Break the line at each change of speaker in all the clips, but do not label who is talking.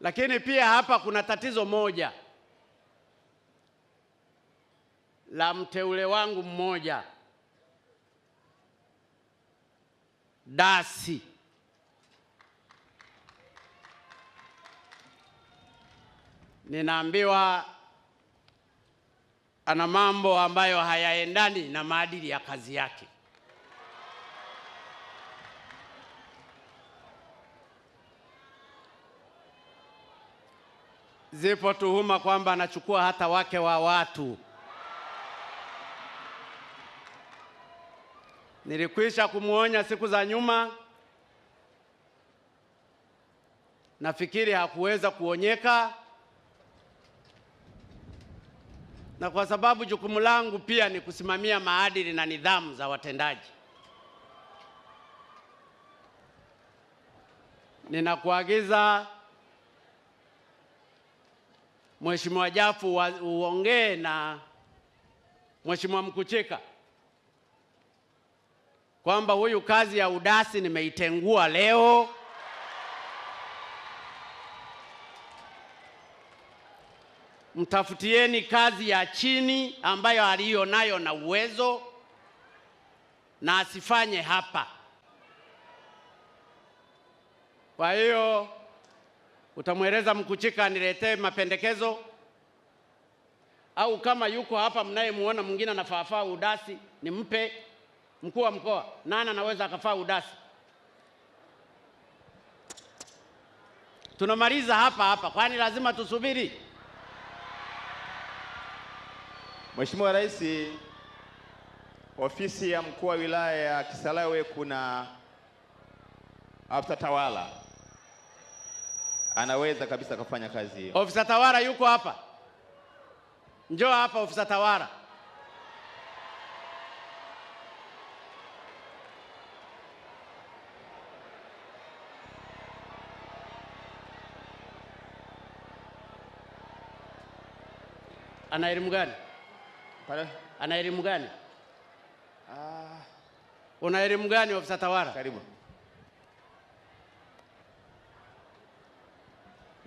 Lakini pia hapa kuna tatizo moja la mteule wangu mmoja Dasi ninaambiwa ana mambo ambayo hayaendani na maadili ya kazi yake. zipo tuhuma kwamba anachukua hata wake wa watu. Nilikwisha kumwonya siku za nyuma, nafikiri hakuweza kuonyeka, na kwa sababu jukumu langu pia ni kusimamia maadili na nidhamu za watendaji, ninakuagiza Mheshimiwa Jafu uongee na Mheshimiwa Mkucheka kwamba huyu kazi ya udasi nimeitengua leo, mtafutieni kazi ya chini ambayo aliyo nayo na uwezo, na asifanye hapa. Kwa hiyo utamweleza Mkuchika aniletee mapendekezo, au kama yuko hapa mnayemuona mwingine anafaafaa udasi, nimpe mkuu wa mkoa, nani anaweza akafaa udasi. Tunamaliza hapa hapa, kwani lazima tusubiri?
Mheshimiwa Rais, ofisi ya mkuu wa wilaya ya Kisarawe kuna afisa tawala anaweza kabisa kufanya kazi hiyo.
Ofisa tawara yuko hapa, njoo hapa ofisa tawara. Ana elimu gani? Ana elimu gani? Ah. Una elimu gani ofisa tawara Karibu.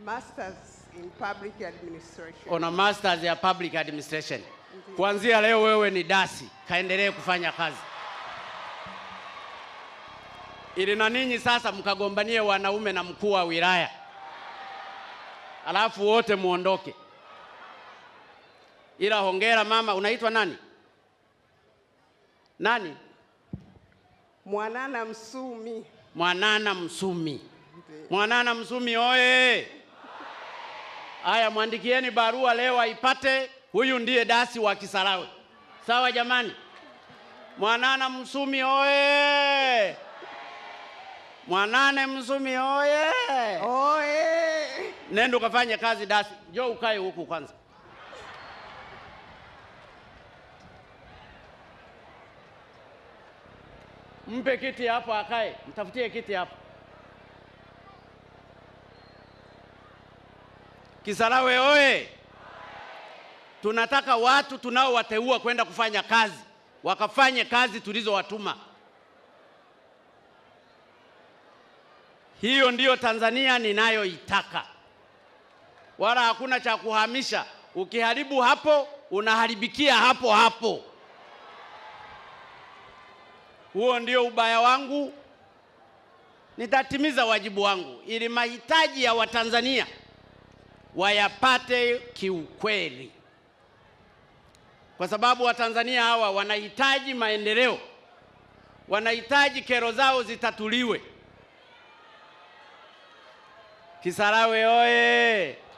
masters in public administration.
Una masters ya public administration. Ndiyo. Kuanzia leo wewe ni dasi, kaendelee kufanya kazi ili na ninyi sasa mkagombanie wanaume na mkuu wa wilaya, alafu wote muondoke. Ila hongera mama, unaitwa nani? Nani?
Mwanana Msumi.
Mwanana Msumi. Mwanana Msumi oye! Haya, mwandikieni barua leo aipate. Huyu ndiye dasi wa Kisarawe. Sawa jamani? Mwanana Msumi oye! Mwanane Msumi oye!
Oye!
Nenda ukafanye kazi dasi. Jo, ukae huku kwanza. Mpe kiti hapo akae, mtafutie kiti hapo. Kisarawe oye! Tunataka watu tunaowateua kwenda kufanya kazi wakafanye kazi tulizowatuma. Hiyo ndiyo Tanzania ninayoitaka, wala hakuna cha kuhamisha. Ukiharibu hapo, unaharibikia hapo hapo. Huo ndio ubaya wangu. Nitatimiza wajibu wangu ili mahitaji ya Watanzania wayapate kiukweli, kwa sababu Watanzania hawa wanahitaji maendeleo, wanahitaji kero zao zitatuliwe. Kisarawe oye!